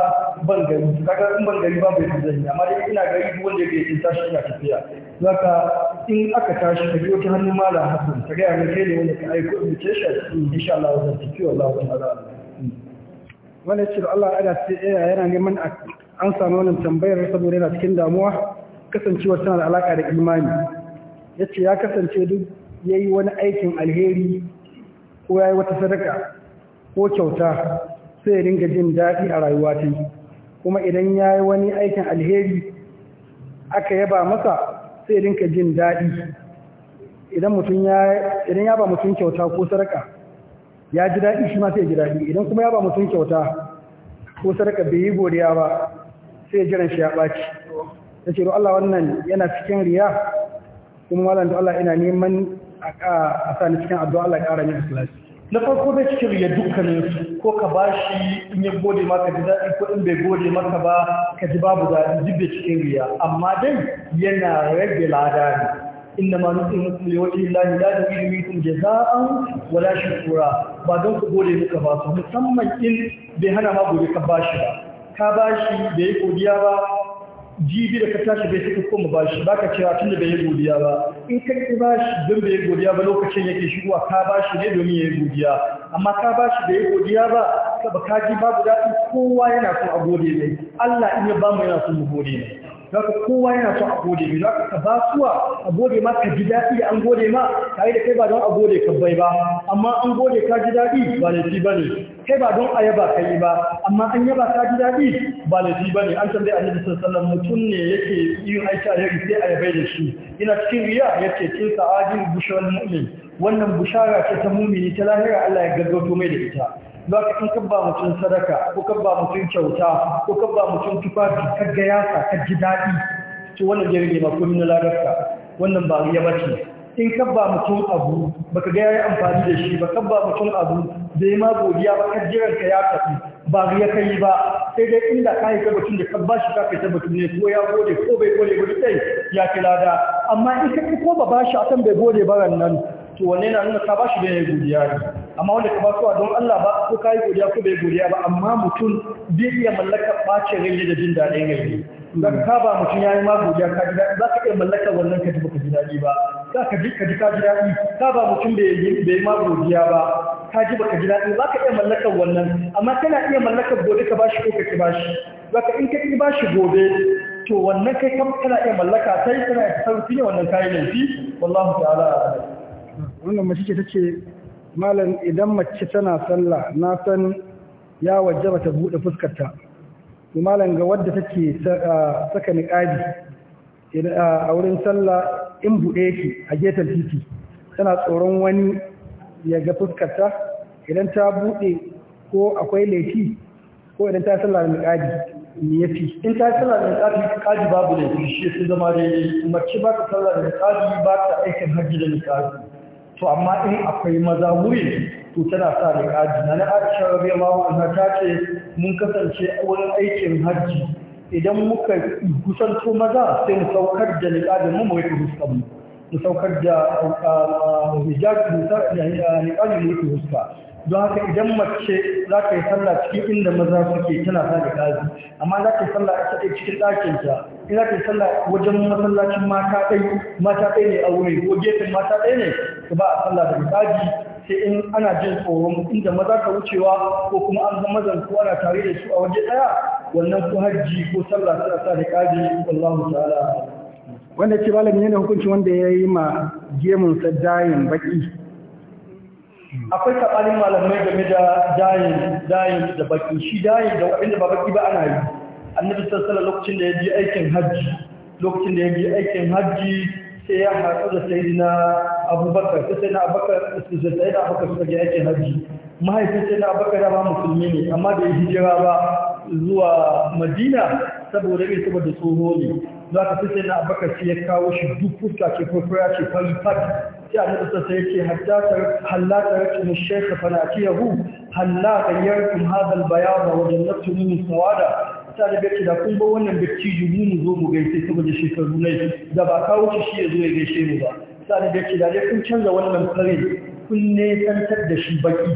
ban gari kaga in ban gari babu yadda zan yi amma dai ina gari duk wanda ya ga san tashi ina tafiya zaka in aka tashi ka biyo ta hannun mala hasan ka ga ya kai ne wanda ka aiko invitation sha Allah zan tafi wallahi ta'ala wanda ce da Allah ya ce eh, yana neman an samu wannan tambayar saboda yana cikin damuwa kasancewar tana da alaka da imani ya ce ya kasance duk ya yi wani aikin alheri ko ya yi wata sadaka ko kyauta sai ya dinga jin daɗi a rayuwa ta kuma idan ya yi wani aikin alheri aka yaba masa sai ya dinga jin daɗi idan ya ba mutum kyauta ko sadaka ya ji daɗi shi ma sai ji daɗi idan kuma ya ba mutum kyauta ko sadaka bai yi godiya ba sai jiran shi ya ɓaci ta ce Allah wannan yana cikin riya kuma malam da Allah ina neman a sa ni cikin addu'a Allah ya ƙara min ikhlasi na farko zai cikin riya dukkanin su ko ka ba shi in ya gode maka ji daɗi ko in bai gode maka ba ka ji babu daɗi duk cikin riya amma dai yana rage lada إنما نطعمكم لوجه الله لا نريد منكم جزاء ولا شكورا ba don ku gode muka ba su musamman in bai hana ma gobe ka bashi ba ka bashi bai godiya ba jibi da ka tashi bai suka koma bashi ba ka cewa tun da bai yi godiya ba in ka ki bashi don bai yi godiya ba lokacin yake shigowa ka bashi ne domin yayi godiya amma ka bashi bai yi godiya ba saboda ka ji babu daɗi kowa yana son a gode ne Allah in ya bamu yana son mu gode ne zaka kowa yana so a gode mai zaka ka basuwa a gode ma ka ji daɗi an gode ma kai da kai ba don a gode ka bai ba amma an gode ka ji daɗi ba laifi ba ne kai ba don a yaba ka ba amma an yaba ka ji daɗi ba laifi ba ne an tambaye annabi sallallahu mutum ne yake yin aiki a yari sai a yabai da shi Ina cikin riya yake cikin sa'adin bushawar mu'min wannan bushara ce ta mumini ta lahira Allah ya gaggauto mai da ita za ka in kabba mutum sadaka ko kabba mutum kyauta ko kabba mutum tufafi ka ga yasa ka ji daɗi to wannan jirgin ba komai na ladarka wannan ba ya bace in kabba mutum abu baka ga yayi amfani da shi ba kabba mutum abu da ya ma godiya ba ka jiran ka ya tafi ba ya kai ba sai dai inda ka yi tabbatun da kabba shi ka kai tabbatun ne ko ya gode ko bai gode ba sai ya kila da amma in ka ko ba ba a akan bai gode ba nan to wanne na nuna ka ba bashi da ya godiya ne amma wanda ka ba basuwa don Allah ba ko ka yi godiya ko bai godiya ba amma mutum bai iya mallaka bacin rai da jin daɗin rai za ka ba mutum ya yi godiya ka ji daɗi za ka iya mallaka wannan ka ji baka ji daɗi ba za ka ji ka ji ka ji daɗi saba mutum bai yi godiya ba ka ji baka ji daɗi za ka iya mallaka wannan amma kana iya mallaka gobe ka bashi ko ka ki bashi za ka in ka ki bashi gobe to wannan kai kam kana iya mallaka sai kana iya sarrafi ne wannan kayan laifi wallahu ta'ala wannan mace ce tace malam idan mace tana sallah na san ya wajaba ta bude fuskar ta imalan ga wadda take saka niƙadi a wurin sallah in buɗe yake a getan titi tana tsoron wani ya ga fuskarta idan ta buɗe ko akwai laifi ko idan ta sallah da niƙadi ne ya fi in ta sallah da niƙadi niƙadi babu laifi shi su zama da yi mace ba ta sallah da niƙadi ba ta aikin hajji da niƙadi to amma in akwai maza wuri to tana sa kaji. na na aisha rabi allahu anha ta ce mun kasance wurin aikin hajji idan muka kusanto maza sai mu saukar da niƙajin mu mu rufe huska mu mu saukar da hijabi da niƙajin mu rufe huska don haka idan mace za ka yi sallah cikin inda maza suke tana sa ni kaji, amma za ka yi sallah a ɗaya cikin ɗakinta in za ka yi sallah wajen masallacin mata ɗai mata ɗai ne a wuri ko gefen mata ɗai ne da ba a sallah da misali sai in ana jin tsoron inda maza ka wucewa ko kuma an zama zan ko ana tare da su a waje daya wannan ko hajji ko sallah a sa riƙaji ta ta'ala wanda ce malami yana hukuncin wanda ya yi ma gemun sa dayin baki akwai kabarin malamai game da dayin dayin da baki shi dayin da wanda ba baki ba ana yi annabi sallallahu alaihi lokacin da ya je aikin hajji lokacin da ya je aikin hajji sai ya haɗu da na abubakar ta na abubakar da su na abubakar suka je aikin hajji mahaifin na abubakar da ba musulmi ne amma da ya hijira ba zuwa madina saboda ne saboda tsoho ne za ka fi sai na abubakar sai ya kawo shi duk fuska ce farfara ce fari fat sai a nufin sai ya ce hallata rakin shaikha fana ce yahu hallata yarkin hadal bayana wajen nafsu min sawada ta da bai da kun ba wannan dattijo mu mu zo mu gaishe saboda shekaru na da ba kawo shi ya zo ya gaishe mu ba ta da bai da kun canza wannan fare kun ne tantar da shi baki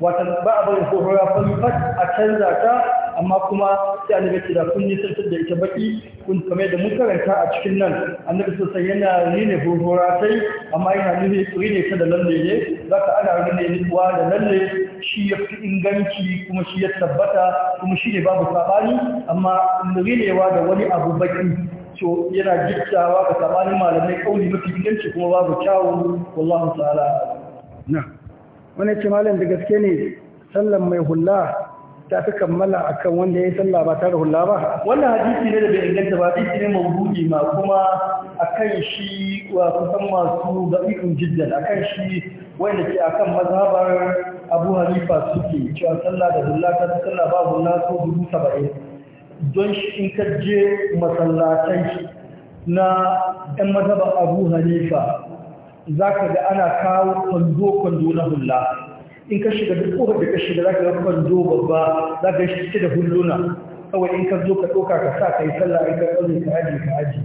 wata ba a bari ko kun fat a canza ta amma kuma sai an ce da kun ne tantar da ita baki kun kamar da mun karanta a cikin nan annabi sosai yana ne ne sai amma yana nuni tsuri ne ta da lalle ne zaka ana ganin ne da lalle shi ya fi inganci kuma shi ya tabbata kuma shi ne babu sabani amma rinewa da wani abu baki to yana jittawa ga sabanin malamai kauli mafi inganci kuma babu kyawun wallahu ta'ala na wani ce malam da gaske ne sallan mai hula ta fi kammala akan wanda ya yi sallah ba tare hula ba wannan hadisi ne da bai inganta ba hadisi ne mawdu'i ma kuma akan shi wa kusan masu ga ikon jiddan akan shi wanda ke akan mazhabar abu hanifa suke cewa sallah da hulla ta sallah ba hulla dubu saba'in don shi in ka je masallatai na ɗan mazhaban abu hanifa za ka ga ana kawo kwando-kwando na hula in ka shiga duk ƙofar da ka shiga za ka ga kwando babba za ka shi da hulluna kawai in ka zo ka ɗauka ka sa ka yi sallah in ka ɗaure ka aji ka aji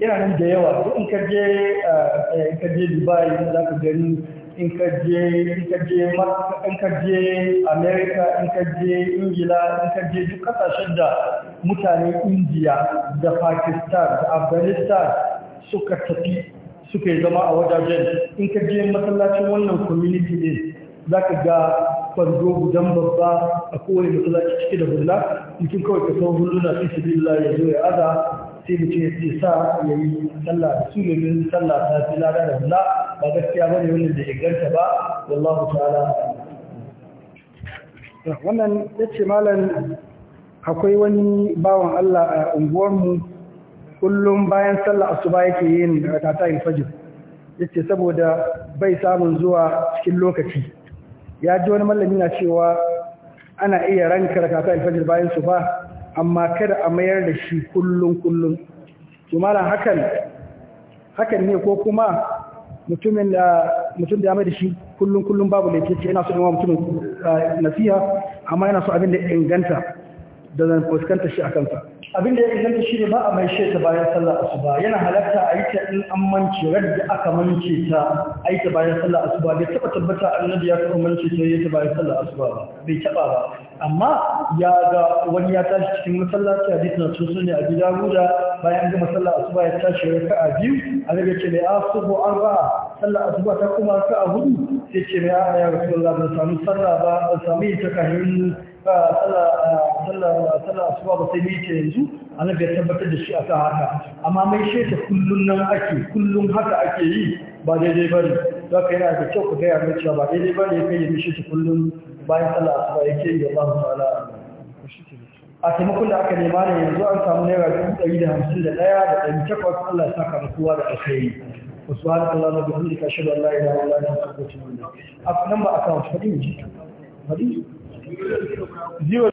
yana nan da yawa in eh, eh, in ka je dubai za ka gani in ka je in ka je in ka je America in ka je Ingila in ka je duk kasashen da mutane India da Pakistan da Afghanistan suka tafi suka zama a wajajen in ka je masallacin wannan community ne zaka ga kwando gudan babba a kowane masallaci cike da hulla mutum kawai ka san hulluna fi sabilillah ya zo ya aza sai mutum ya ce sa ya yi sallah da su ne sallah ta fi lada da hula ba gaskiya ne wani da inganta ba wallahu ta'ala wannan ya ce malam akwai wani bawan Allah a unguwarmu kullum bayan sallah a asuba yake yin rakata ya yace saboda bai samun zuwa cikin lokaci ya ji wani mallami na cewa ana iya ranka rakata fajr bayan su ba amma kada a mayar da shi kullum kullum tumala hakan hakan ne ko kuma mutumin da mutum da ya mai da shi kullum kullum babu laifi yana so in wa mutumin eh, nasiha amma yana so abin da inganta da zan fuskanta shi a kansa abinda ya inganta shi ne ba a mai ta bayan sallah asuba yana halatta a yi ta in an mance radda aka mance ta a yi ta bayan sallah asuba bai taba tabbata annabi ya taba mance ta yi ta bayan sallah asuba ba bai taba ba amma ya ga wani ya tashi cikin masallaci a jikin tsuntsu ne a gida guda bayan gama sallah asuba ya tashi a biyu a ya ce mai asubu ba sallah asuba ta kuma a hudu sai ce mai a ya rasulullah ban samu sallah ba ban samu yin ta Eh, sallah asuba ba sai mita yanzu annabi ya tabbatar da shi a akan haka amma mai sheta kullun nan ake kullun haka ake yi ba daidai ba ne. za ka yana da kyau ku gaya mai cewa ba daidai ba bane kai ya mishi kullun bayan sallah asuba yake yi Allah ta'ala a taimakon da aka nema ne yanzu an samu naira dubu ɗari da hamsin da ɗaya da ɗari takwas Allah ya saka da kowa da alkhairi wasu hannun Allah na bihamdika shaɗu Allah ya rawa Allah ya saka da kowa da alkhairi a nan ba a kawo faɗi ne faɗi 0